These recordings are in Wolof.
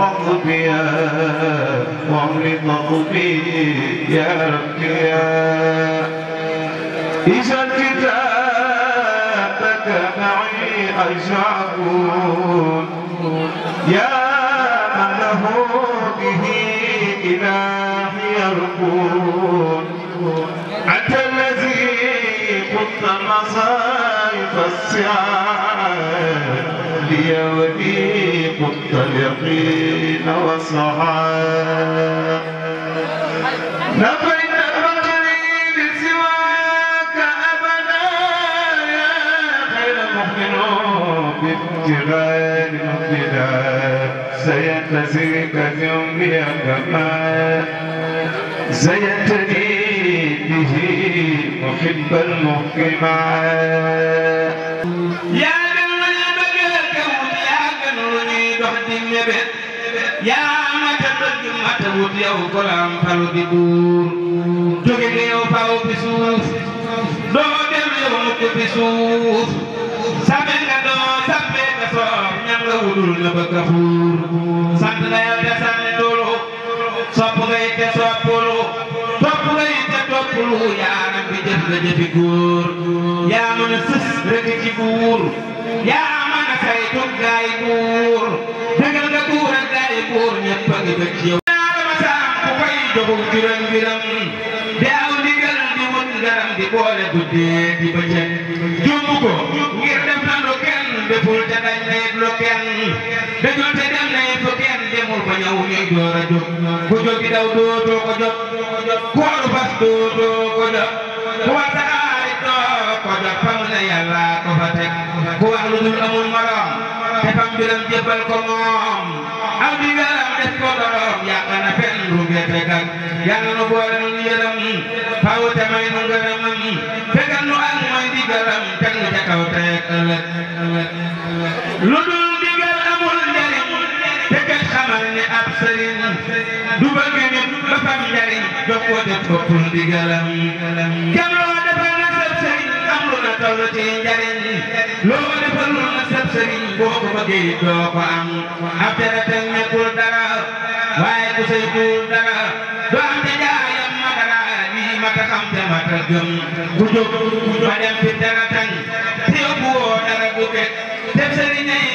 واغلط بها واغلط مغلطي يا ربي يا إذا كتابك معي أجعل يا من له به إلهي يركون أنت الذي قلت مصائب السعاد أهلي ولي مطلقين وصحاب نفيت فقري بسواك أبدا يا خير مؤمن بابتغاء المبتداء سيتزيك يومي كما سيتدي به محب المحكمات wut yow golaam falu di buur jóge nga yow faw fi suuf doo dem yow mukk fi suuf sabe nga doo sabe nga soof ñam nga wutul nga bëgg a fuur sant nga yow te santulu sopp nga it te soppulu topp nga it te toppulu yaaram bi jëf la jëfi góor yaa mën a sës rek ci buur yaa mën a saytu gaay buur dëggal nga buur ak gaay buur ñëpp a ngi bëgg yow doxul juróom biram de aw ndigal di wut ngaram di boole guddee di bëccëg jumbu ko ngir def na lu kenn deful te dañ na it lu kenn dañoo te dem na it lu kenn demul ba ñëw ñuy door a jóg ku jógi daw dootoo ko jot ku waru fas dootoo ko jot ku war sa xarit doo ko jot fa mu ne yàlla ko fa teg ku wax lu dul amul morom te fam biram jébbal ko moom aw ndigalam def ko dorom yàq na fe rubeete kan yàlla nu boole nu yërëm faw te may nu ngërëmam fegal nu ak mooy digalam teg nu ca kaw tey ak ëllëg lu dul digal amul njariñ te kat xamal ne ab sëriñ du bëgg nit ba fam njariñ jox ko def boppul digalam kem loo defal na sab sëriñ am lu na toll ci njariñ loo defal lu na sab sëriñ boo ko bëggee doo ko am ab tere teg nekkul dara waaye sëñ bu dara doonte jaayam ma dara lii ma ta xam te ma ta gëm bu jóg ma dem fi dara tan te yóbbu woo dara bu fekk def sëriñ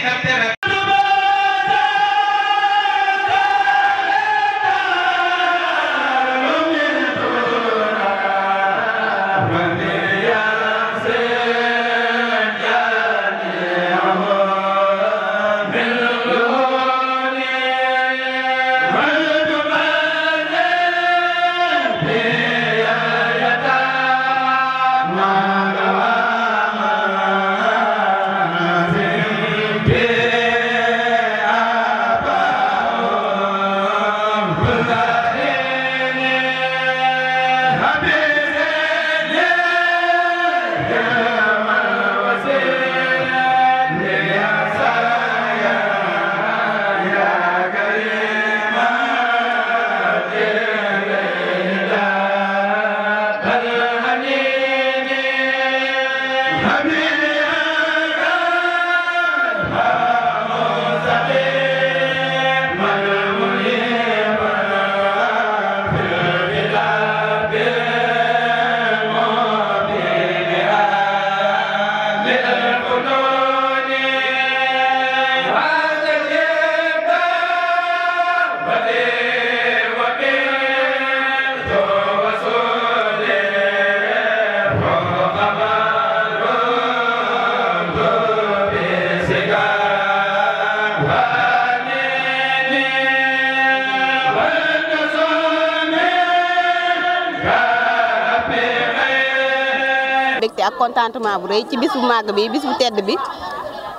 contentement bu rëy ci bis bu màgg bi bis bu tedd bi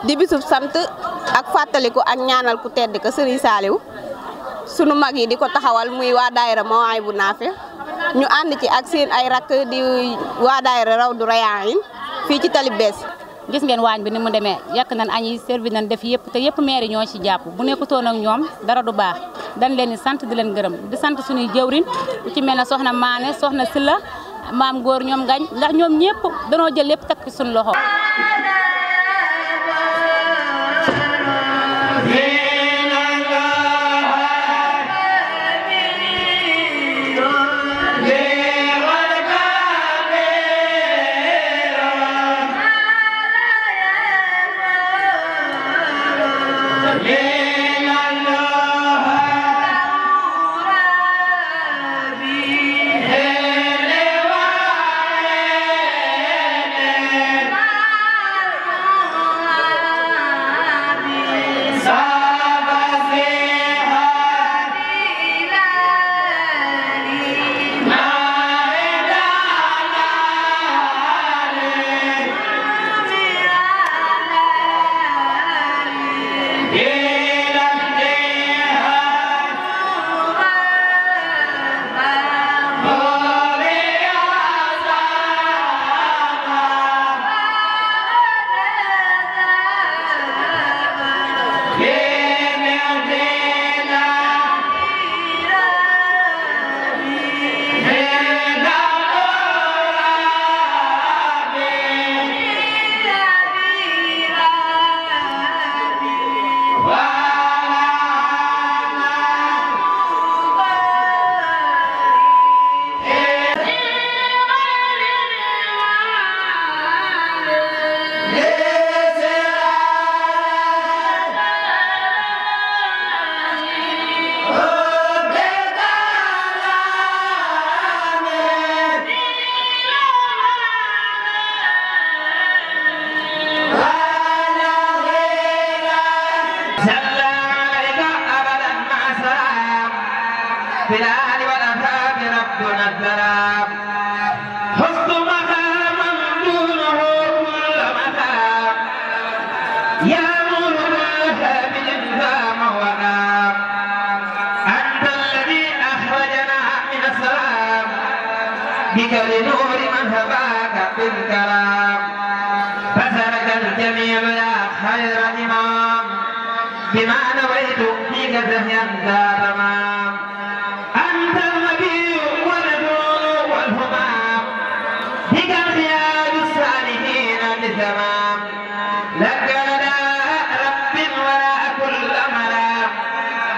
di bisub sant ak fàttaliku ak ñaanal ku tedd ka Serigne Saliou sunu mag yi di ko taxawal muy waa daayira Mawaay bu naafe ñu ànd ci ak seen ay rakk di waa daayira raw du rayaayin fii ci tali bees gis ngeen waañ bi ni mu demee yàq nan añ yi servi nan def yëpp te yëpp maire ñoo ci jàpp bu nekkutoon ak ñoom dara du baax dañ leen sant di leen gërëm di sant suñuy jëwrin ku ci mel ne soxna Maane soxna Silla maam góor ñoom gañ ndax ñoom ñëpp danoo jël lépp takk suñu loxo.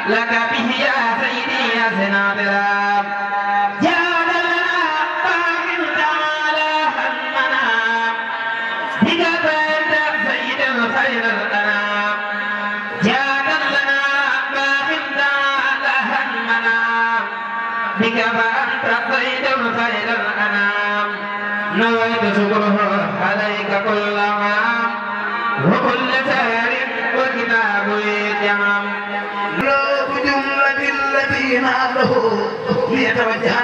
لك به يا سيدي يا سنادرا بك فأنت خير خير الأنام نويت شكرا متوجها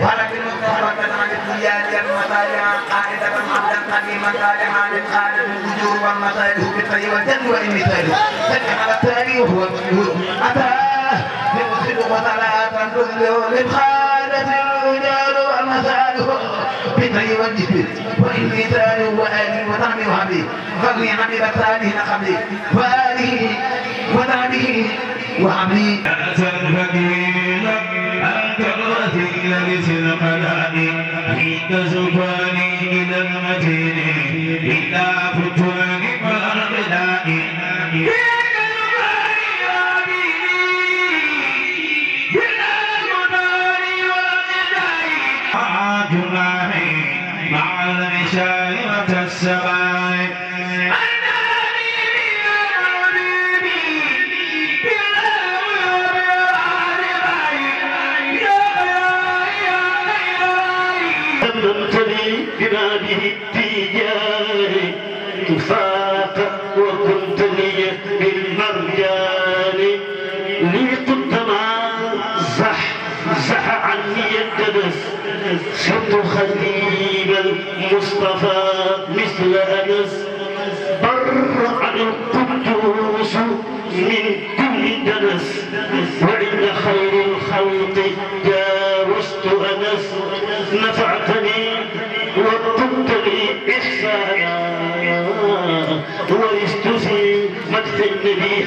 ولكن مستقبلا عن الديات المطالعا قائدة عبدا قديما قادما للقادم الوجوه والمصائب بالخير والجد والمثال سمع على التالي وهو أتاه يقصد مطالعة تذله للخالة الرجال والمسائل بالخير والجد والمثال وآله وطعمه وحبيه فضلي عمل الثاني نقبلي وآله وطعمه وحبيه أتت بدينا كرة القدم عند زفاني إلى المتين إلا فتوان فأرقدائي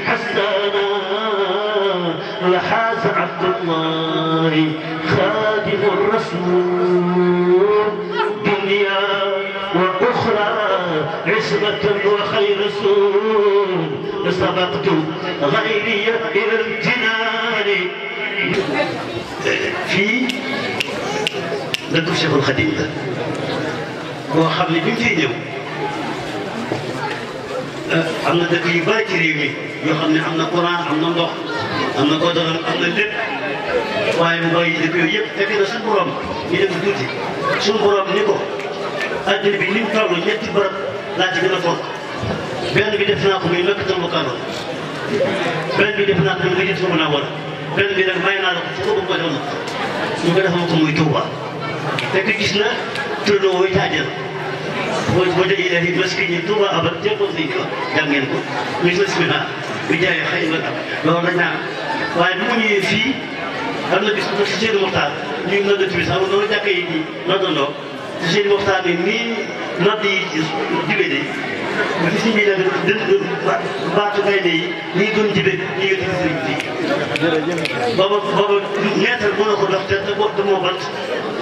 حسنانا وحاز عبد الله خادم الرسول دنيا وأخرى عشرة وخير سور سبقت غيري إلى الجنان في dëkk Cheikhul Khadim la boo xam ne bi mu fiy ñëw am na dëkk yu bari ci réew mi yoo xam ne am na courant am na ndox am am na lépp waaye mboy yi dëkk yooyu yëpp fekk na suñu borom ni ko adduna bi ni mu toll ñetti barab laa ci gën a fonk benn bi def naa ko muy lëkk tëmb kano benn bi def naa ko muy nga jël sama naa wala bi nag may naa la ko fu umm na ñu ko def ko muy Tuuba fekk gis na turnoo woy a ko jàng ngeen ko bi jaay xëy na loolu dañ naan waaye bu mu ñëwee fii am na bis bu si seen waxtaan ñuy nodd timis xam nga noonu jàkka yi di noddandoo si seen waxtaan bi nii nodd yi jibe de bu si biir dënd baatu gaynde yi ñuy gën jibe ñu ngi gën sëriñ bi. booba booba ñeenteel mënoo ko dox te te boo te moo bant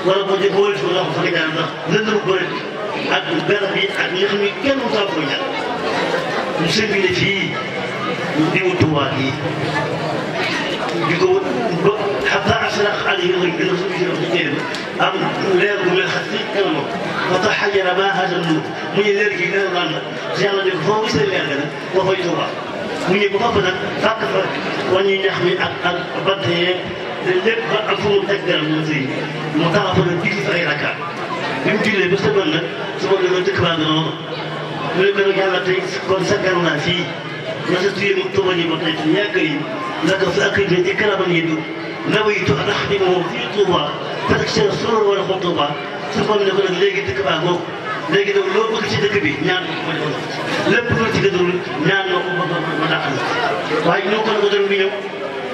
wala boo jë boo wële ko nga daan dox lënd bu bëri ak berab yi ak ñi xam ne kenn mu taw ko ñàkk mu sëñ bi ne fii. néew Tuubaa yi di ko wut ba xataa asrax alayhi am leer bu mel xas si kanam moom. ba tax xajara ba xaajal lu mu ñu leer gi leer naan la si yàlla def foo gisee leer ga nag ba fay Tuubaa mu ñëw ba foofu nag fàkk fa wàññi ñax mi ak ak bant yeeg lépp ba am fu mu teg dara moom sëñ bi mu taxaw fa nag digg fa ay rakkaat bi mu jullee ba sa nag su ma demee dëkk baa nga noonu mu ne ko nag yàlla tey kon sa gàllanaa fii. نستطيع التمني بطيق يا كريم لك فأكد الإكرام اليد نويت أن أخدمه في طوبى فتكسر السرور والخطوبة ثم من يقول léegi dëkk baa ngoog léegi nag loo bëgg ci dëkk bi ñaan ma ko lépp lu ci gëdul ñaan ma ko ma ma dàqal waaye ñoo ko motor bi ñëw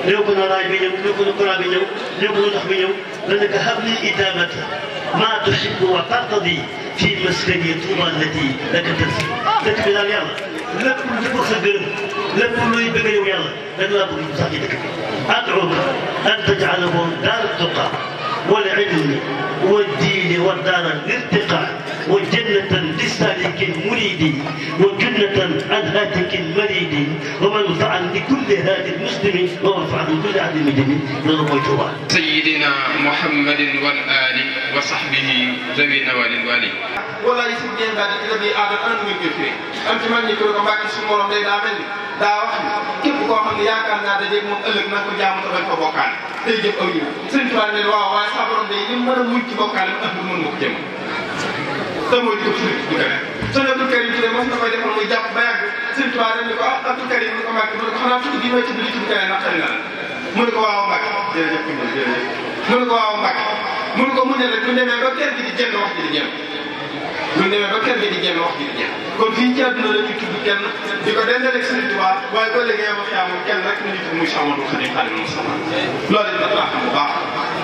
ñoo ko raay bi ñëw ñoo ko courant bi ñëw ñoo ko ndox bi ñëw danaka habli itamati ma tuhibbu wa tartadi fi maskani Tuuba allati laka tansi dëkk bi daal yàlla lépp lu ko sa gërëm lépp luy bëgg yow yàlla da nga laa bëgg sax ci dëkk bi. والعلم والدين والدار الارتقاء وجنة للسالك المريد وجنة الهاتك المريد ومن فعل لكل هذا المسلم ومن فعل كل هذا المدين لغويتها سيدنا محمد والآل وصحبه ذوي النوال الوالي والله يسجد بعد كده بآدم أنا من كفرين أنت من يكون معك سمو الله daa wax ni képp koo xam ne yaakaar naa dajeeg moom ëllëg na nga ko jaamu te bañ ko bokkaale tey jëf aw yiw sëñ Tuubaa ne waaw waaye sa borom day li mu mën a muñ ci bokkaale mu ëpp mën ma ko jëm te mooy di ko suñu bu demee sëñ Abdou Karim Touré mos na koy defal muy jàpp ba yàgg sëñ Tuubaa dañ ne ko ah Abdou Karim ni ko Mbàkke mu ne ko xanaa tuuti bii may tudd li tudd keneen ndax xëy na la mu ne ko waaw Mbàkke jërëjëf mu ne ko waaw Mbàkke mu ne ko mu ne rek bu demee ba kër gi di jënd wax ji di ñëw bu ñu demee ba kenn di génn wax ji di jeex kon fii ci àdduna la ñu tudd kenn di ko dendaleeg Sëriñ Tuubaa waaye ba léegi yow yaa moom kenn rek nit muy si Amadou Xadim Xadim Mustafa loolu it dafa xam bu baax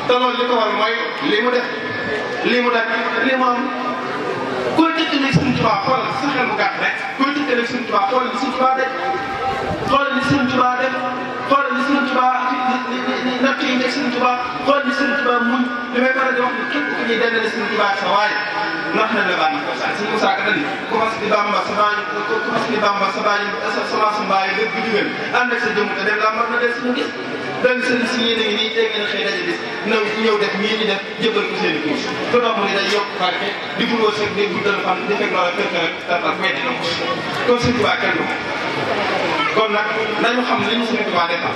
te loolu li ko war li mu def li mu def li mu am koy tëkkaleeg Sëriñ Tuubaa xool sa xel mu gàtt rek koy tëkkaleeg Sëriñ Tuubaa xool li Sëriñ Tuubaa def xool li Sëriñ Tuubaa def xoolal li Sëriñ Tuubaa li li li natt yi nekk Sëriñ Tuubaa xool li Sëriñ Tuubaa muñ li may faral di wax ni képp ku ñuy dendale Sëriñ Tuubaa sa waay nax na la baax na ko saa suñu ko saaka dañuy commencé di bàmba sa baañ commencé di bàmba sa baañ sa sa sa mbaay lépp bi dugal ànd ak sa jëmm te dem la mar na del suñu gis donc sëriñ si yéen a ngi nii tey ngeen xëy daje bis naw ñëw def nii ñu def jëbal ko seen i kuus kon nag mu ne day yokk barke di guloo sëg day guddal fan di fekk loola kër kër rek dafa may dina ko kon Sëriñ Tuubaa kenn du kon nag nañu xam li ñu Sëriñ Tuubaa defal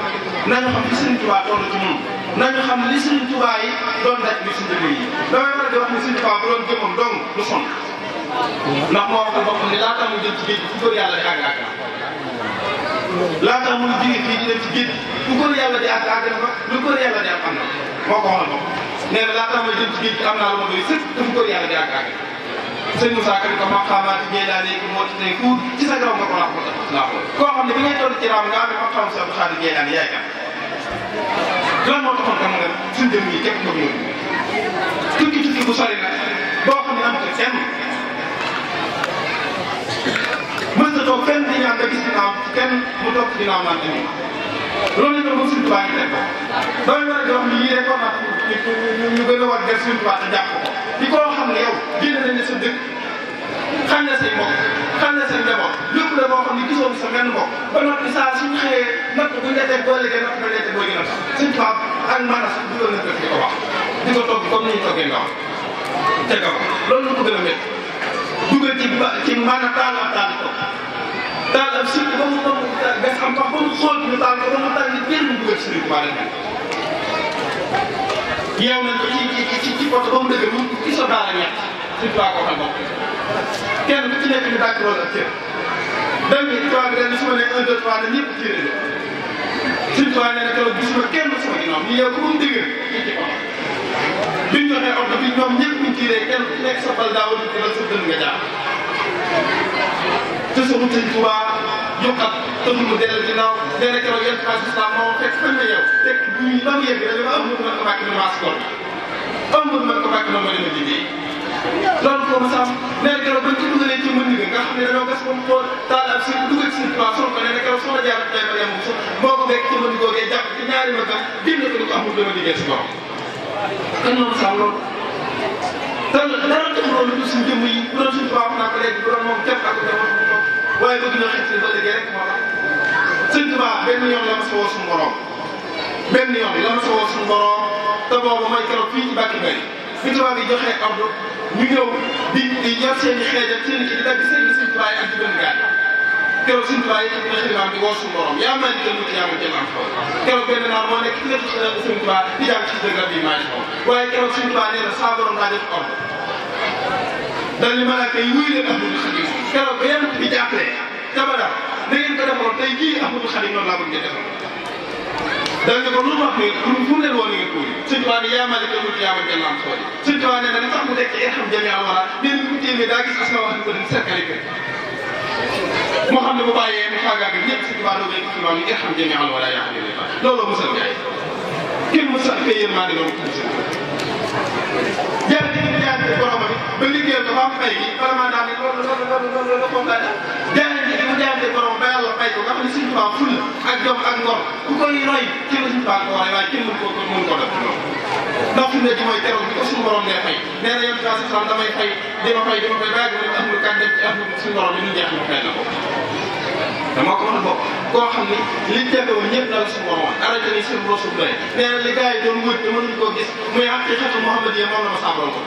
nañu xam li Sëriñ Tuubaa toll ci moom nañu xam li Sëriñ Tuubaa yi doon daj li suñu dëgg yi damay mën a di wax ne Sëriñ Tuubaa bu doon jëmmam dong du sonn ndax moo waxal boppam ne laata muy jëm ci géej fu góor yàlla di àgg àgg laata muy jóge fii di dem ci géej fu góor yàlla di àgg àgg na lu góor yàlla di am am na moo ko waxal boppam nee na laata muy jëm ci géej am naa lu ma doy sëkk te fu góor yàlla di àgg àgg sëñ Moussa Ka ni ko maqaamaati Jeylaani moo ci tey kuur ci sa gaw nga ko làqu làqu koo xam ne bi ngay toll ci raam nga amee xam-xam sa bu xaari Jeylaani yaay kan lan moo taxoon ka mu ne suñ jëm yi teg ko ñoom tukki tukki bu sori la boo xam ne am ko kenn mën na toog fenn di ñaan nga gis dina am kenn mu toog dina am naan loolu la ñu doon suñu tubaab yi def ko doy war a jox ni yii rek war naa ñu ñu gën a war def suñu tubaab te jàpp ko di koo xam ne yow génne na ne sa dëkk xam na say mbokk xam na say njaboot lépp la boo xam ne gisoon sa menn mbokk ba noppi saa suñu xëyee natt bu ñu la teg boo liggéey natt ba ñu la teg boo gën a tax suñ faam ak maanaam suñ dugal na def di ko wax di ko togg comme ni ñu toggee nga wax te ko loolu la ko gën a métti dugal ci ba ci maanaam taal ab taal ko taal ab si ba mu ba mu gas am pax ba mu xool ñu taal ko ba mu taal ni kenn mu dugal ci suñu tubaab yeew nañ ko ci ci ci ci poto ba mu dëgër mu ci sa ñett suñu waa koo xam bopp kenn ku nekk ñu dàkk loolu ak cër dégg nga histoire ren bi su a nee un deux trois ne ñëpp a la suñu tubaab nee na keroog gisuma kenn sama ginnaaw ñu yeew ko ba mu dëgër ñu ci poto biñ joxee ordre bi ñoom ñëpp ñu tiiree kenn ku nekk sa bal daawul ñu dal sa dënn nga jaar te suñu sëñ Tuubaa jokkat tënku mu dellu ginnaaw benn keroog yan xaalis islam moo fekk fan la yow fekk bu ñu nam yegg dañu am lu mën ko bàkk na maas kon am lu mën ko bàkk na mën a liggéey loolu ko mos a am benn keroog bañ ci dugalee ci mën nga xam ne dañoo gas ba mu xool taal ak suñ dugal ci suñu toit ko ne ne keroog soo la jaar day ma yemul sax boo ko fekk ci mën googee jàpp ci ñaari ma ba dindi ko lu ko amul dama liggéey si borom. kon loolu sax loolu. dara dara tënk loolu suñu jëmm waaye bëgg na xëcc ba liggéey rek moo tax sëñ Tuubaa benn yoon la ma sa woo suñu borom benn yoon la ma sa woo suñu borom te boobu mooy keroog fii ci Bàkki Bay bi tubaab yi joxee ordre ñu ñëw di di yor seen i xeejal seen i kii di dagg seen i sëñ Tuubaa yi ak di benn gaal keroog sëñ Tuubaa yi ñu ne xibaar bi woo suñu borom yaa maa di jël mucc yaa ma jël am ko keroog benn naar moo nekk ci wetu sëñ Tuubaa di jàng ci dëgg bi maa ngi ko waaye keroog sëñ Tuubaa nee na saa borom daa def ordre daal li malaaka yi wuyu leen Ahmadou Khadim keroog ba yonent bi jàppalee tabada na ngeen ko defoon tey jii Ahmadou Khadim noonu laa bëgg ngeen defal daal ne ko lu mu wax nii pour mu leen woo ni ngeen ko wuyu sëñ Tuubaa ne yaa Maalik al-mulki yaa man jalla an xooli sëñ Tuubaa ne nag sax mu dekk irham jami al wara neen bu téemee daa gis asma wax ni ko dañ serkali ko moo xam ne bu bàyyee mu faagaagal ñëpp sëñ Tuubaa doo gën xilwaa ni irham jami al wara yaa xam ne looloo musal gaay kenn musal fee yéen maa ne loolu ba liggéeyam dafa am fay gi vraiment daal di loolu loolu loolu loolu la kooku daal jaayante gi mu jaayante borom ba yàlla fay ko nga xam ne suñu tubaab ful ak jom ak ngor ku koy roy kenn suñu tubaab ko waree waaye kenn mënu ko mënu ko def ndax fi mu ne ji mooy teroog bi ko suñu borom nee fay nee na yow ci wàllu sax damay fay dama fay dama fay bàyyi ko amul kan dem ci amul suñu borom bi ñu jeex ñu fay na ko. dama ko mën a bokk koo xam ni liñ jafewoon ñëpp daal suñu borom arrêté ni suñu borom suñu doy nee na li gars yi doon wut te mënuñ koo gis muy ak xeetu Mouhamed yi moom la ma saaboon ko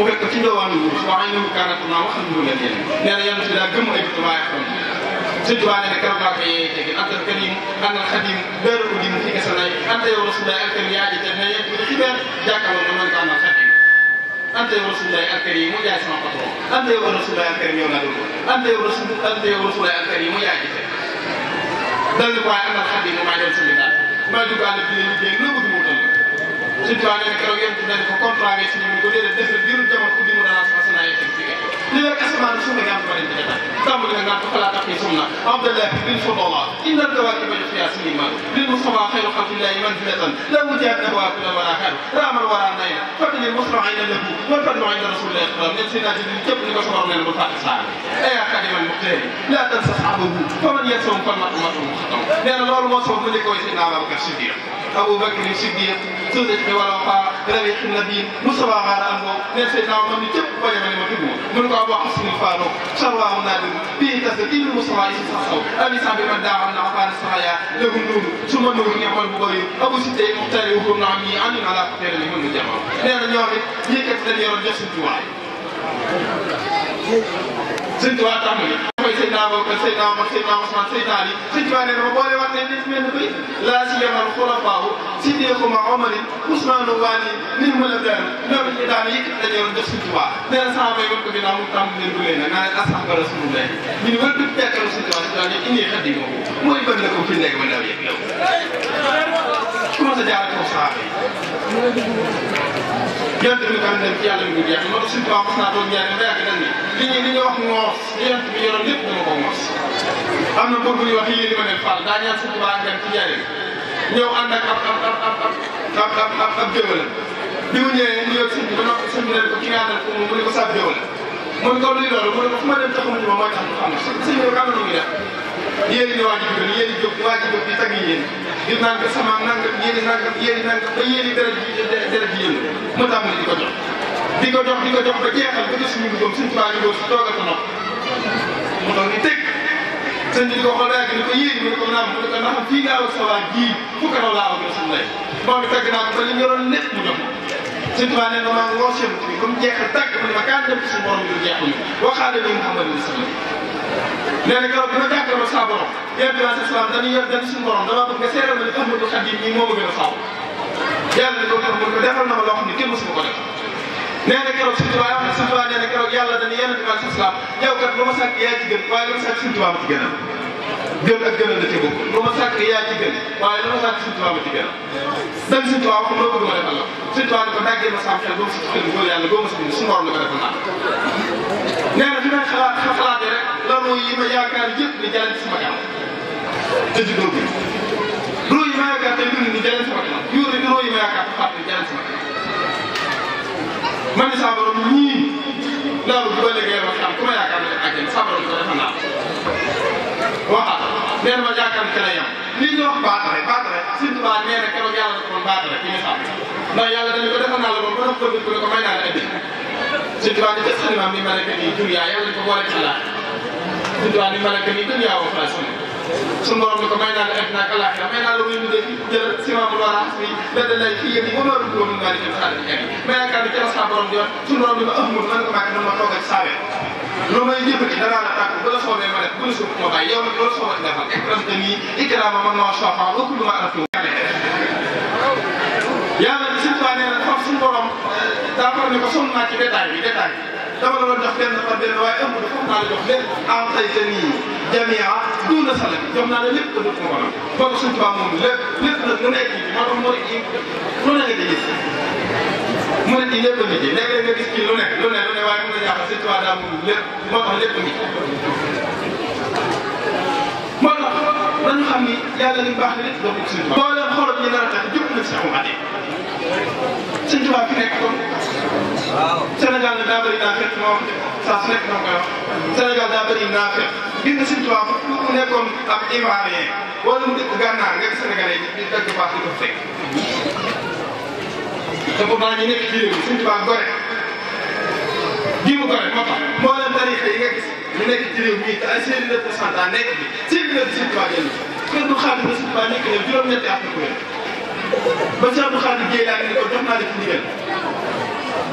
mu fekk ci ndoowaan bi waaye ñun karatu naa wax dëgg la nee na yàlla ci daa gëm ay bët waaye xam sëñ Tuubaa nee na keroog laa ko yee tegi antal karim antal xadim dara ko dim fi gëstu naay anta yow rasulaay alkar yaa ji te ne yegg ci benn jàkkaarloo ko mën ko antal xadim anta yow rasulaay alkar yi mu jaay sama patron anta yow rasulaay alkar yow naa dugg anta yow rasul anta yow rasulaay alkar yi mu jaay ji te dal ko waaye antal xadim maa dem sëñ bi daal maa dugg àll bi ne liggéey nga bëgg suñ ko waxee keroog yéen a ngi ko contravé si ñun ñu ko déedéet def na diiru jamono ku diiru dana sama sanaa yi teg ci gerte. li leen asamaan suuf nga ñaata ba dem ci gerte sàmm di na ngaan ko xalaat ak suuf na abdallah bil fadala innal kawaakiba li fiya sinima bil mustafa xayru xalqillahi manzilatan la mujahid ahwa kula wala xar raamal wala nayna fadli musra ayna lahu wal fadlu ayna rasulillahi xaram leen seen naati ñun képp ni ko soxor neen bu fàtte saa ay xadiman muxtaari la tansa saxabahu faman yasum kon matu matu mu xatam nee na loolu moo soog mu ne koy si naa Babacar Sidiq أبو بكر الصديق سودة والوفاء ربيع النبي مصطفى غار أنبو نسيت عمر من تب ويا من مكبو من أبو حسن الفاروق شرواه نادم به تسديد المصطفى يسحو أبي سعد من داعى من عفان الصحيا له النور ثم النور نعم البغي أبو ستة مختار وكم نعمي عن على خير من الجماعة لأن يوري يكتب يوري جسد جواي سنتوا تعمل mooy Seydina Abubakar Seydina Omar Seydina Ousmane Seydina Ali sëñ Tuubaa nee na ma boole waat leen ne ci mel ni béy laa si yemal xulafaahu Sidiquma Omarin Ousmane Waani nin mu la dër ñoom ñu daan yëkkati dañoo doon def sëñ Tuubaa nee na sama bay wër ko bi naa mu tàmm leen bu leen naa leen asxaaba rasulullah ñu wër du tekkal sëñ Tuubaa si daan indi xaddi ko mooy bëri la ko fi nekk ba daw yëg yow commencé jaar ak saxaaba yi yonent bi kan dem ci yàlla bi du jeex moo tax suñu tubaab mos naa toog njëriñ ba yàgg dañ ne li li nga wax moos li yonent bi yoroon lépp dama ko moos. am na mbir bu ñuy wax yéen li ma leen faal daa ñaan suñu tubaab dem ci njëriñ ñëw ànd ak ab ab ab ab ab ab ab déwénal bi mu ñëwee ñu yor suñ bi dama suñ bi ne ko ki nga àndal ko moom mu ne ko sax déwénal. mooy kaw li loolu mu ne ko fu ma dem taxawu ñu ma mooy tax ñu xam ne suñu suñu yow am na lu muy def. yéen ñu waaj a dugal yéen a jóg waaj a jóg di tagg yéen di naan ko sama nangam yéen a nangam yéen a nangam ba yéen a dara dara ji yéen mu tàmbali di ko jox. di ko jox di ko jox ba jeexal ba gis ñu dugub suñ tubaab yi si toog a ko nopp mu doon ni teg sëñ bi di ko xool rek ko yéen ñu ko naan mu ne ko ndax fii nga aw sa waa ji fu ko raw laa aw rek ko ba li nga doon lépp mu jox sëñ tubaab nee na maa ngi woo seen bi ba mu jeexal tàgg mu ne ma kaan dem ci suñu nee na keroog dina jàkkaarloo saa borom yéen bi laajte islam dañuy yor dañu suñu borom dama bëgg nga seeral ma ne Ahmadou Khadim ñii moo ma gën a faaw yàlla na ko def mun ko defal na ma loo xam ne kenn mësu ma ko def nee na keroog suñu tubaab wax na suñu tubaab nee na keroog yàlla dañu yéen di laajte islam yow kat lu ma sàkk yaa ci gën waaye lu ma sàkk suñu tubaab ci gënal gën ak gënal la ci bokk lu ma sàkk yaa ci gën waaye lu ma sàkk suñu tubaab ci gënal dañ suñu tubaab wax loo bëgg ma defal la suñu tubaab ne ko dàggee ma sam xel boobu si xel bu góor yàlla boo ma si bind suñu borom la ko defal naa nee na fi may xalaat xalaatee rek loolu mooy yi ma yaakaar yëpp di jàll ci sama kanam te ci doo bi roo yi ma yaakaar te mbir mi di jàll sama kanam yu rek roo yi ma yaakaar te fàtte di jàll sama kanam man ni saa borom ñii loolu bu ba léegi ma xam ku ma yaakaar ne ak yéen saa borom ko defal naa waxaat nee na ma yaakaar ne keneen yam lii ñu wax baat rek baat rek surtout baat nee na keroog yàlla dafa doon baat rek ci misaal ndax yàlla dañu ko defal naa la moom ba doon ko ne ko may naa la indi surtout baat bi des xalimaam ni ma nekk nii jur yaa yàlla ko boole ci laa bidduwaan yi malaka ni dunya wa uxraa suñu borom ni ko may naa la àddina ak alaaxira may naa la muy liggéey jël simaamul wara asmi bedda lay fii yëpp mu noonu góor naa di jëm saa di xeex may yaakaar ni jëla saa borom di wax suñu borom ni ma amul man ko màgg man ma toog ak saawee lu may jëfati danaa la tàgg bu la soobee ma def bu la suuf ma bàyyi yow nag loolu soo ma ci defal ikram te nii ikraama man noo soofa ëpp lu ma aratu yàlla di suñu borom daa far ne ko sonn naa ci détail bi détail bi dama la doon jox benn par benn waaye ëmb bi foog naa la jox lépp am tay te nii jamia duuna salam naa la lépp dëkk moo am. kon suñ tubaab moom lépp lépp nag nekk moo tax murid yi lu ne nga di gis murid yi lépp a ngi ci léeg-léeg ne lu ne lu ne mu ngi jaaxal suñ tubaab daa moom lépp moo tax lépp a ngi ci. moo tax dañu xam ni yàlla li mu baax a Sëñ Tuubaa fi nekk kon. waaw Sénégal nag daa bëri naa fekk moo wax saa su nekk moo koy wax. Sénégal daa bëri naa fekk gis nga Sëñ Tuubaa fu nekkoon ak Ivoirien wala mu dëkk Gànnaar nga Sénégalais yi ñu dëkk baax di ko fekk. te pourtant ñu nekk ci réew mi Sëñ Tuubaa gore ji mu gore moo tax moo leen tariixa yi nga gis ñu nekk ci réew mi te ay séeréer de pourcentage nekk bi séeréer de Sëñ Tuubaa kenn du xaalis ba Sëñ Tuubaa nekk na juróom-ñetti at ba si Abdou Khadir Gueye laa ne ko jox naa la ci ndigal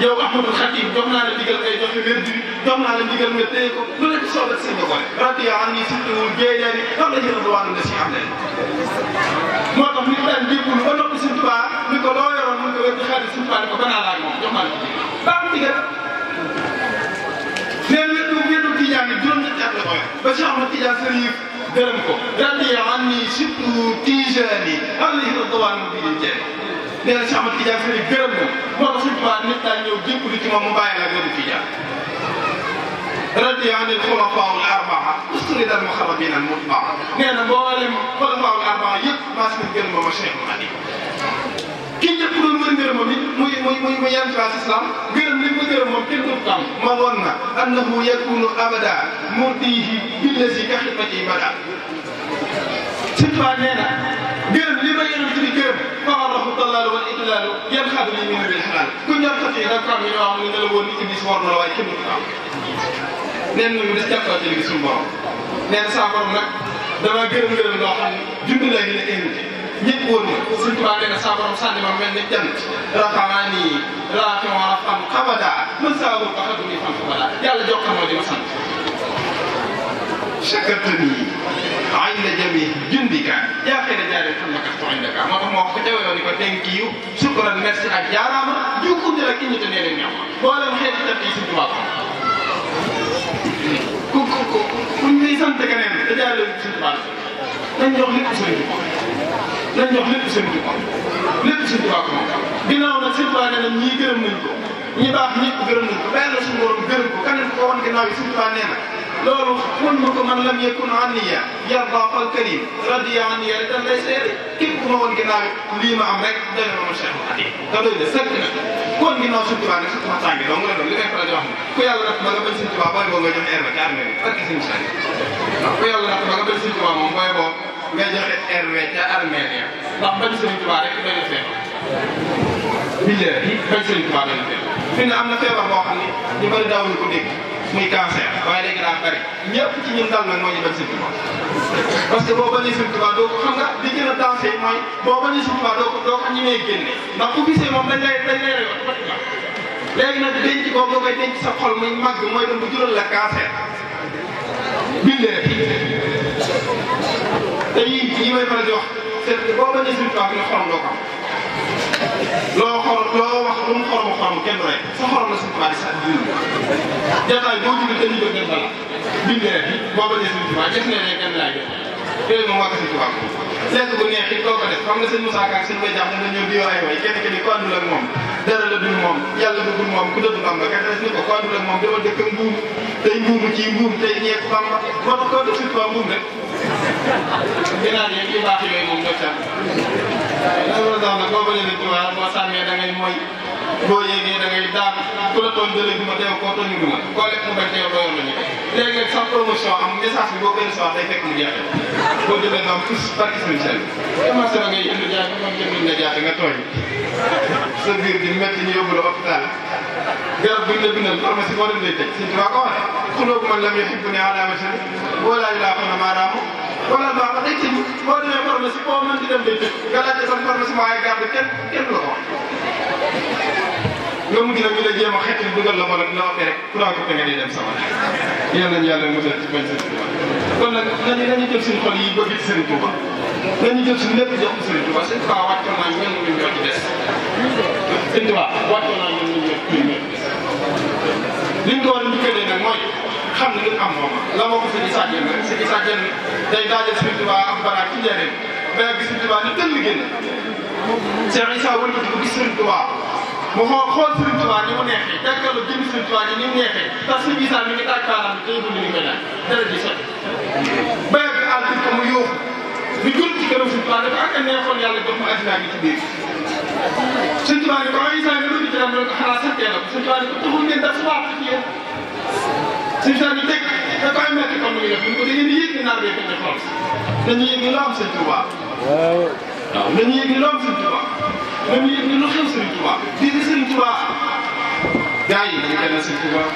yow Ahmadou Khadim jox naa la ndigal ngay joxe wér di jox naa la ndigal nga téye ko lu la ci soxla seen nga boole. rajo yi am nañu surtout Gueye laa ne ndax la jëloon wàllu na si am leen moo tax ñu daan jéggulu ba noppi Sëñ Tuubaa ni ko loo yoroon mën ko wér di xaalis Sëñ Tuubaa ni ko ba naa laaj moom jox naa la ci ndigal baax ndigal nee na wér du wér du Tijaan yi juróom-ñetti at la ba si Ahmadou gërëm ko radiya anni surtout tijaani alayhi ridwaan bi di jeex nee na Cheikh Ahmad Tidiane Sëriñ gërëm ko moo tax suñu baax nit daan ñëw jëkkuli ci moom mu bàyyi la gërëm Tidiane radiya anni xulafaa al arbaa usril al muxarrabin al mutbaa nee na mboolem xulafaa al arbaa yëpp maa si gërëm ma Cheikh Madi ki ñëpp doon wër ngërëmam it muy muy muy muy yan classe islam ngërëm li ko ngërëm moom kenn dootu am ma woon na annahu yakunu abada murdihi billasi ka xidmati bada sitwa nee na ngërëm li ma yërëm ci di gërëm faarahu dallaalu wal idlaalu yan xaatu li mina bil xalaal ku ñor xati nag ko am ñu ñoo xam ne ne la woon ni iblis war na la waaye kenn dootu am neen ñu des jàppal ci li suñu borom nee na saa borom nag dama gërëm ngërëm loo xam ne junni lay la invité ñëpp wër ma suñ tubaab nee na saa borom sànni ma mel ni jant rafaani rafet waa rafam xabada man saa wër ba xam ne fan xabada yàlla jokkal ma di ma sant. shakartani ayna jami jundika yaa xëy na jaaree fan la kat tooñ la moo tax ma wax ko jawee woon ni ko thank you sukran merci ak jaaraama juukum dara ki ñu te nee leen ñaw boolem xeeti jant yi suñ tubaab ku ku ku ku ñuy sant keneen te jaaree suñ tubaab dañ jox nit ku sëriñ nañ jox lépp seen tubaab lépp seen tubaab moom. ginnaaw nag seen tubaab nee na ñii gërëm nañ ko ñi baax ñëpp gërëm nañ ko benn suñu borom gërëm ko keneen ko woon ginnaaw yi seen tubaab nee na. loolu wan ma ko man lam yekun anniya yarda fal karim radiya anniya dañ lay seede képp ku ma woon ginnaaw lii ma am rek doy na ma Cheikh Xadi da doy na sëkk na kon ginnaaw suñu tubaab nag surtout ma tàngi doo nga doon li ngay faral di wax ne ku yàlla def ma nga bañ suñu tubaab booy boo nga jox erreur ci armée bi ak suñu sànni ku yàlla def ma nga bañ suñu tubaab moom booy boo nga joxe RW ca armeel ya ndax bañ Sëriñ Tuubaa rek doy na feebar. billahi bañ Sëriñ na feebar fi ne am na feebar boo xam ni ñu bëri daawuñu ko dégg muy cancer waaye léegi daa ñun dal nag moo ñu bañ Sëriñ Tuubaa parce que boo bañee Sëriñ Tuubaa doo ko xam nga li a dansé mooy génne ndax ku gisee moom dañ lay dañ lay sa xol muy màgg mooy dem bu jural la cancer billahi te yii ci yi may faral di wax seet boo bañ a suñu tubaab yi xorom doo ko am loo xool loo wax lu mu xorom xorom kenn rek sa xorom la suñu tubaab yi sax di dund. jotaay boo jublu dañuy jóg dem bala bindee bi boo bañ a suñu tubaab def nee ne kenn laay def yooyu moom wax suñu tubaab seet bu neex it doo ko def xam nga sëñ Moussa Ka ak sëñ Bay Jax ñu ñëw di ay way kenn kenn ko àndul ak moom dara la dul moom yàlla bëggul moom ku dëdd Bamba kenn des ni ko ko àndul ak moom dama dëkk mbuum tey mbuum ci mbuum tey ñeent Bamba boo tax koo def suñu tubaab mbuum rek ginaar yeeg yu baax yooyu moom ñoo ci am loolu la doon nag boo bëggee mooy. boo yéegee da ngay daan ku la tooñ dëgg ma teew koo tooñu duma koo lekk mu bañ teew doyoon nañu léegi nag sax promotion am message bi boo koy soxla day fekk mu jeexee boo jëlee doom tous barki seen sel commencé na ngay jënd jaay moom jënduñ la jaay nga tooñ sa biir di métti ñu yóbbu la hôpital garab bi ñu la bindal pharmacie boo dem lay tëj si tubaab ko waxee xuloo bu man lam yo xibbu ne alaama seen boo laaj laa ko na maaraamu wala a ba denc bi boo demee pharmacie boo mën di dem day tëj nga laajte sax pharmacie waaye garde kenn kenn la ko wax. nga mujj nag ñu ne jéem a xeetu la wala ku laa ko da nga di dem sama la yal nañu yàlla musal kon nag nañu nañu jël suñu xol yi bëgg ci Serigne Touba nañu jël suñu lépp jox ko Serigne Touba Serigne Touba wàccoon naa ñoom ñu ñoo ci des. Serigne Touba wàccoon naa ñoom ñu ñoo ci des. liñ ko war a njëkkee nag mooy. xam ne li am moom la ma ko sëñ Issa Diène rek sëñ Issa Diène day daajal Sëriñ Tuubaa am baraag ci njëriñ mais gis Sëriñ Tuubaa ni dënn génn Cheikh Issa wëlba di ko gis Sëriñ Tuubaa mu xool xool Sëriñ Tuubaa ni mu neexee jàkkaarloo jëm Sëriñ Tuubaa ni mu neexee tax Sëriñ Issa mi ngi tàkkaanam day dund ni koy naan dara ji sot béy bi àll ko mu yóbbu ñu jël ci gërëm Sëriñ Tuubaa ah, dafa ak a neexoon yàlla jox mu addinaa ngi ci biir Sëriñ Tuubaa ni ko ah, Issa nga dugg ci ram ko xanaa sakkee na ko Sëriñ Tuubaa ni ko taxul ngeen def suñu saa yu teg da koy métti comme ni nga def ko da ngeen di yëg ni naan day tëj xool dañu yëg ni loo am sëñ Tuubaa. waaw waaw dañu yëg ni loo am sëñ Tuubaa dañu yëg ni lu xew sëñ Tuubaa di di sëñ Tuubaa gaa yi dañu gën a sëñ Tuubaa.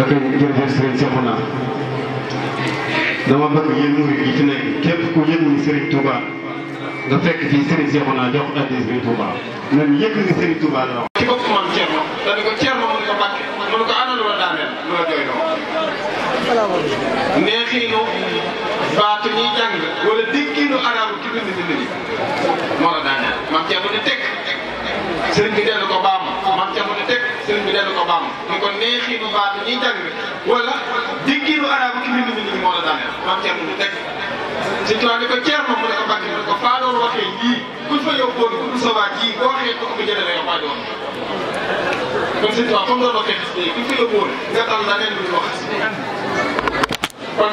ok jërëjëf sëriñ Cheikhouna dama bëgg yéen murid yi fi nekk képp ku yëg ni sëriñ Tuubaa nga fekk fii sëriñ Cheikhouna jox addiya sëriñ Tuubaa ñun yëg ni sëriñ Tuubaa la wax. ki bopp maam Thierno dañu ko Thierno. a jooyloo neexiinu baatu ñuy jàng wala déggiinu araabu ci bind bind bi moo la daaneel maam Thierno ne teg sëriñ bi dellu ko baam maam Thierno ne teg sëriñ bi dellu ko baam ni ko neexiinu baatu ñuy jàng wala déggiinu araabu ci bind bind bi moo la daaneel maam Thierno ne teg si tuwaa ni ko Thierno mu ne ko Mbacke mu ne ko faa doon waxee lii kuñ fa yóbboon ku sa waa ji boo waxee ko ko jëlee la yow kon sëñ Tuubaa comme doon waxee xas léegi fi la wóor nga tal na leen lu ñu wax kon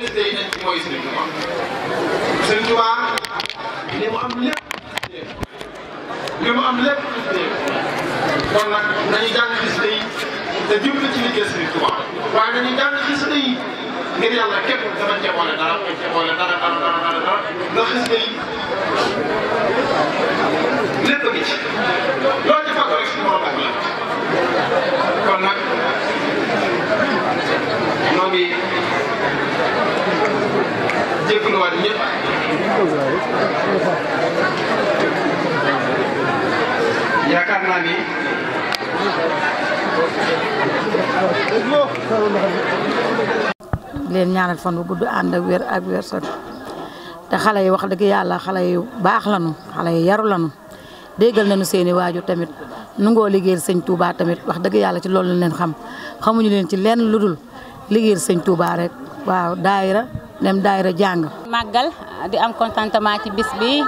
xas léegi nañ ci mooy sëñ Tuubaa sëñ Tuubaa li mu am lépp li mu am lépp kon nag nañu jàng xas léegi te jublu ci liggéey sëñ Tuubaa waaye nañu jàng xas léegi ngir yàlla képp dama cee boole dara dama cee boole dara dara dara dara ndax xas léegi leen ñaanal fan bu gudd ànd ak wér ak te xale yi wax dëgg yàlla xale yu baax lanu xale yu yaru lanu déggal nañu seeni waajur tamit nu liggéey liggéeyal sëñ tamit wax dëgg yàlla ci loolu leen xam xamuñu leen ci lenn lu dul liggéeyal sëñ Touba rek waaw daayira dem daayira jàng. màggal di am contentement ci bis bi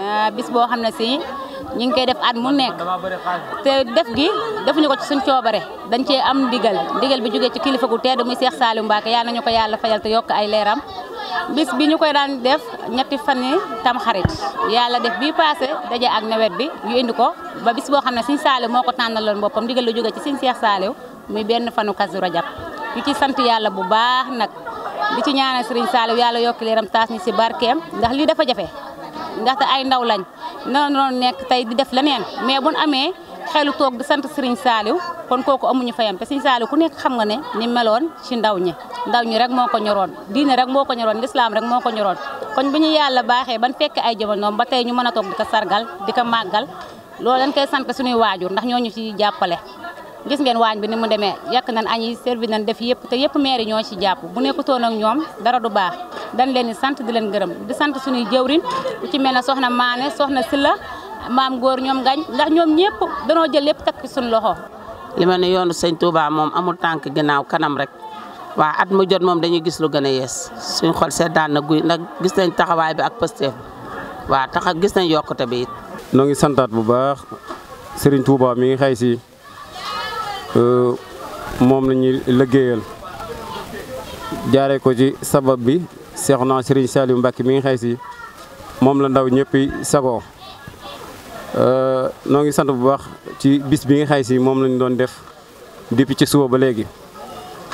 euh, bis boo xam ne si ñu ngi koy def at mu nekk te def gi defuñu ko ci suñ coobare dañ cee am ndigal ndigal bi jógee ci kilifa gu tedd muy Seex Saaliw Mbàkke yal nañu ko yàlla fayal te yokk ay leeram bis bi ñu koy daan def ñetti fan yi tam xarit yàlla def bi passé daje ak nawet bi ñu indi ko ba bis boo xam ne siñ Saaliw moo ko tànnaloon boppam ndigal lu jóge ci siñ Seex Saaliw muy benn fanu Kazu Rajab ñu ci sant yàlla bu baax nag di ci ñaanal Serigne Saliou yàlla yokk leeram taas ni si barkeem ndax lii dafa jafe ndaxte ay ndaw lañ na noonu nekk tey di def leneen mais bu nu amee xelu toog di sant Serigne Saliou kon kooku amuñu fayam te Serigne Saliou ku nekk xam nga ne ni meloon si ndaw ñi ndaw ñi rek moo ko ñoroon diine rek moo ko ñoroon lislaam rek moo ko ñoroon kon bu ñu yàlla baaxee ban fekk ay jamonoom ba tey ñu mën a toog di ko sargal di ko màggal loolu dañ sant suñuy waajur ndax ñoo ñu ci jàppale gis ngeen waañ bi ni mu demee yàq nan añ yi servi nañ def yëpp te yëpp maire ñoo ci jàpp bu nekkutoon ak ñoom dara du baax dañ leen di sant di leen gërëm di sant suñuy jëwrin ku ci mel ne soxna Maane soxna Silla maam góor ñoom gañ ndax ñoom ñëpp danoo jël lépp takk suñu loxo. li ma ne yoonu sëñ moom amul tànk ginnaaw kanam rek waa at mu jot moom dañuy gis lu gën a yees suñ xol daan na guy ndax gis nañ taxawaay bi ak Pastef waa taxa gis nañ yokkute bi it. noo ngi santaat bu baax Serigne Touba mi ngi xëy si Euh, moom lañuy ñuy liggéeyal jaaree ko ci sabab bi Seexuna Sëriñ Saliou Mbacke mi ngi xëy si moom la ndaw ñëpp sagoo euh, noo ngi sant bu baax ci bis bi nga xay si moom lañ doon def depuis ci suba ba léegi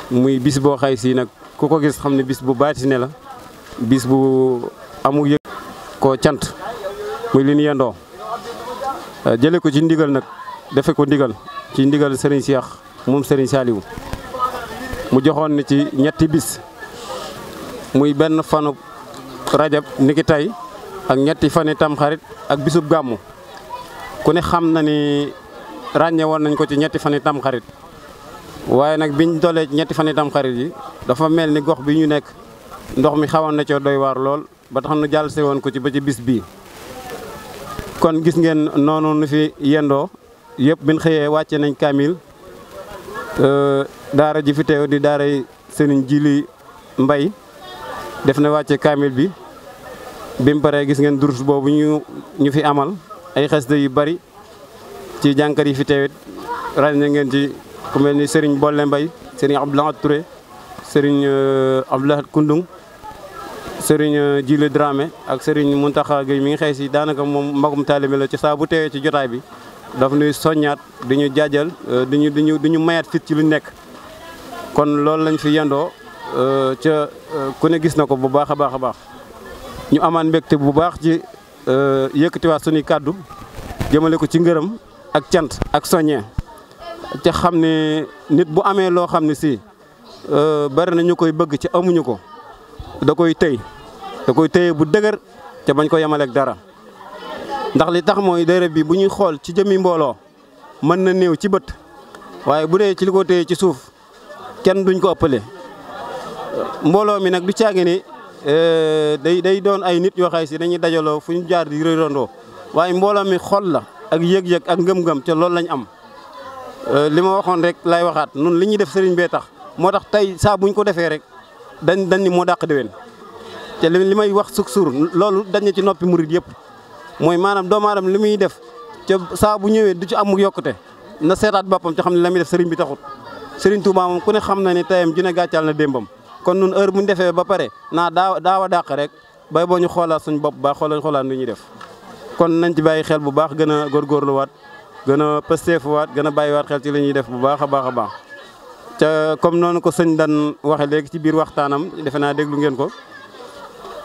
muy bis boo xay si nag ku ko gis xam ne bis bu baati ne la bis bu amul yëg koo cant muy li ñu yendoo euh, jële ko ci ndigal nag defe ko ndigal ci ndigal Serigne Cheikh moom Serigne Saliou mu joxoon ni ci ñetti bis muy benn fanu rajab niki tey ak ñetti fani tamxarit ak bisub gàmmu ku ne xam na ni ràññee woon nañ ko ci ñetti fani tamxarit waaye nag biñ dolee ci ñetti fani tamxarit yi dafa mel ni gox bi ñu nekk ndox mi xawoon na coo doy waar lool ba tax nu jàll si woon ko ci ba ci bis bii kon gis ngeen noonu nu fi yendoo yëpp bin xëyee wàcce nañ kaamil euh, daara ji fi teew di daaray sëriñ Jili Mbay def na wàcce kaamil bi bi pare gis ngeen durus boobu ñu ñu fi amal ay xasida yu bari ci jànkar yi fi teewit na ngeen ci ku mel ni sëriñ Bolle Mbay sëriñ Abdoulahat ture sëriñ euh, Abdoulahat Kundung sëriñ euh, Jili Dramé ak sëriñ Muntaxa Gueye mi ngi xëy si daanaka moom magum taalibe la ci saabu bu ci jotaay bi daf nuy soññaat di ñu jaajal euh, di ñu di ñu di mayaat fit ci lu nekk kon loolu lañ fi yendoo euh, ca euh, ku ne gis na ko bu baax a baax a baax ñu amaan mbégte bu baax ci yëkkatiwaat suñuy kàddu jëmale ko ci ngërëm ak cant ak soññee ca xam ne nit bu amee loo xam ne si bari na ñu koy bëgg ci amuñu ko da koy tëy da koy tëye bu dëgër te bañ ko yemaleek dara ndax li tax mooy dayra bi bu ñuy xool ci jëmmi mbooloo mën na néew ci bët waaye bu dee ci li ko téye ci suuf kenn duñ ko ëppale mbooloo mi nag du caage ni euh, day day doon ay nit yoo xay si dañuy dajaloo fu ñu jaar di rëyrandoo waaye mbooloo mi xool la ak yëg-yëg ak ngëm-ngëm te loolu lañ am euh, li ma waxoon rek lay waxaat nun li ñuy def sëriñ bee tax moo tax tey saa buñ ko defee rek dañ dañ moo daq déwén te li may wax suuf suur loolu dañ ci noppi murit yëpp mooy maanaam doomu aadama li muy def ca saa bu ñëwee du ci am mu yokkute na seetaat boppam ca xam ne la muy def sëriñ bi taxut sëriñ Touba moom ku ne xam na ne tayam ji ne gàccal na démbam kon nun heure bu ñu defee ba pare naa daaw daaw a rek bay boo ñu xoolaat suñ bopp baax xoolal xoolaan lu ñuy def kon nañ ci bàyyi xel bu baax gën a góorgóorluwaat gën a pësteefuwaat gën a bàyyiwaat xel ci lañuy def bu baax a baax a baax ca comme noonu ko sëñ dan waxe léegi ci biir waxtaanam defe naa déglu ngeen ko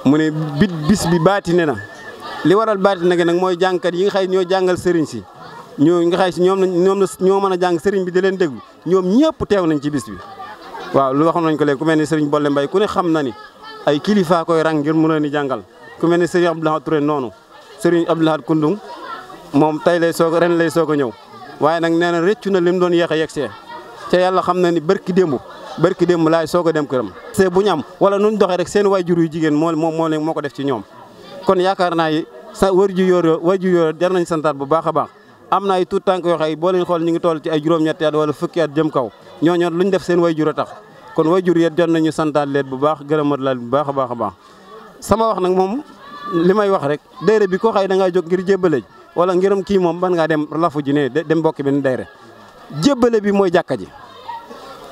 mu ne bit bis bi baati ne na li waral baatin nag nag mooy jàngkat yi nga xay ñoo jàngal sëriñ si ñoo nga xay si ñoom la ñoom ñoo mën a jàng sëriñ bi di leen déglu ñoom ñëpp teew nañ ci bis bi waaw lu waxoon nañ ko léegi ku mel ni sëriñ Bolle Mbaye ku xam na ni ay kilifa koy rang ngir mu leen di jàngal ku mel ni sëriñ Abdoulaye Touré noonu sëriñ Abdoulaye Koundung moom tey lay soog ren lay soog a ñëw waaye nag nee na rëccu na lim doon yéex a see te yàlla xam na ni barki démb barki démb laay soog a dem këram. see bu ñu am wala nu ñu doxee rek seen waajur yu jigéen moo moo moo ko def ci ñoom kon yaakaar naa yi sa wër ju yóor wër ju yóor nañ santaat bu baax a baax am na ay tuut tànk yoo xam ne boo leen xool ñu ngi toll ci ay juróom-ñetti at wala fukki at jëm kaw ñooñu lu ñu def seen way jur a tax kon way jur yet jar nañu santaat leen bu baax gërëmat laal bu baax a baax a baax sama wax nag moom li may wax rek dayre bi ko xay da ngaa jóg ngir jébbale ji wala ngirum kii moom ban ngaa dem lafu ji ne dem bokk benn dayre jébbale bi mooy jàkka ji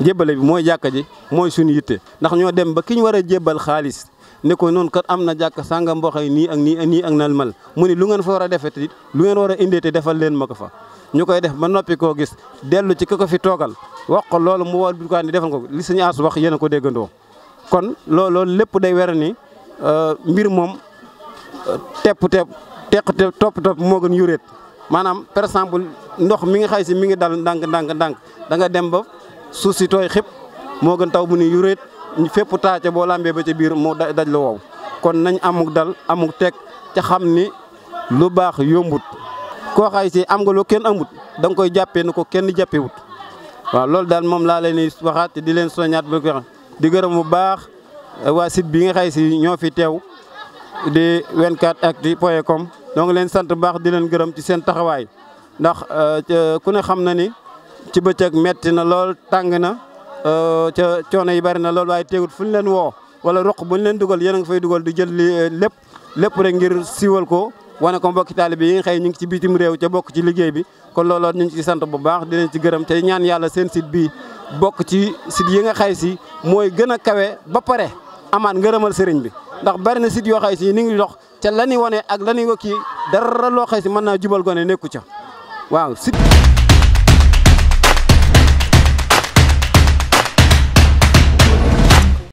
jébbale bi mooy jàkka ji mooy suñu yitte ndax ñoo dem ba ki ñu war a jébbal xaalis ne ko noonu kat am na jàkk sàngam boo xam nii ak nii nii ak nal mal mu ni lu ngeen fa war a defee lu ngeen war a indee te defal leen ma ko fa ñu koy def ba noppi koo gis dellu ci ka ko fi toogal wax ko loolu mu wal dukaan ni defal ko li suñu aas wax yéen a ko déggandoo kon loolu lépp day wér ni euh, mbir moom euh, tepp tepp teq tepp topp topp moo gën yuréet maanaam par exemple ndox mi nga xay si mi ngi dal ndànk ndànk ndànk danga dem ba suuf si tooy xëpp moo gën taw bu ni yuréet fépp taaca boo lambee ba ci biir mu daj la woow kon nañ amuk dal amuk teg ca xam ni lu baax yombut koo xay si am nga loo kenn amut da nga koy jàppee ni ko kenn jàppewut waaw loolu daal moom laa leen di waxaat di leen soññaat bu di gërëm bu baax eh, waa sit bi nga xay si ñoo fi teew di 24actu point com donc leen sant bu baax di leen gërëm ci seen taxawaay ndax eh, ku ne xam na ni ci bëccëg metti na lool tàng na. Euh, ca coono yi bari na loolu waaye teewut fu ñu leen woo wala ruq bu ñu leen dugal yéen a nga fay dugal di jël li euh, lépp lépp rek ngir siwal ko wane ko mbokki bi yi nga xëy ñu ngi ci bitim réew ca bokk ci liggéey bi kon looloo ñu ngi ci sant bu baax dinañ ci gërëm te ñaan yàlla seen sit bii bokk ci site yi nga xay si mooy gën a kawe ba pare amaat ngërëmal sëriñ bi ndax bari na site yoo xay si ni ngi dox ca la ñuy wane ak la ñuy wakki dara loo xay si mën naa jubal gone nekku ca waaw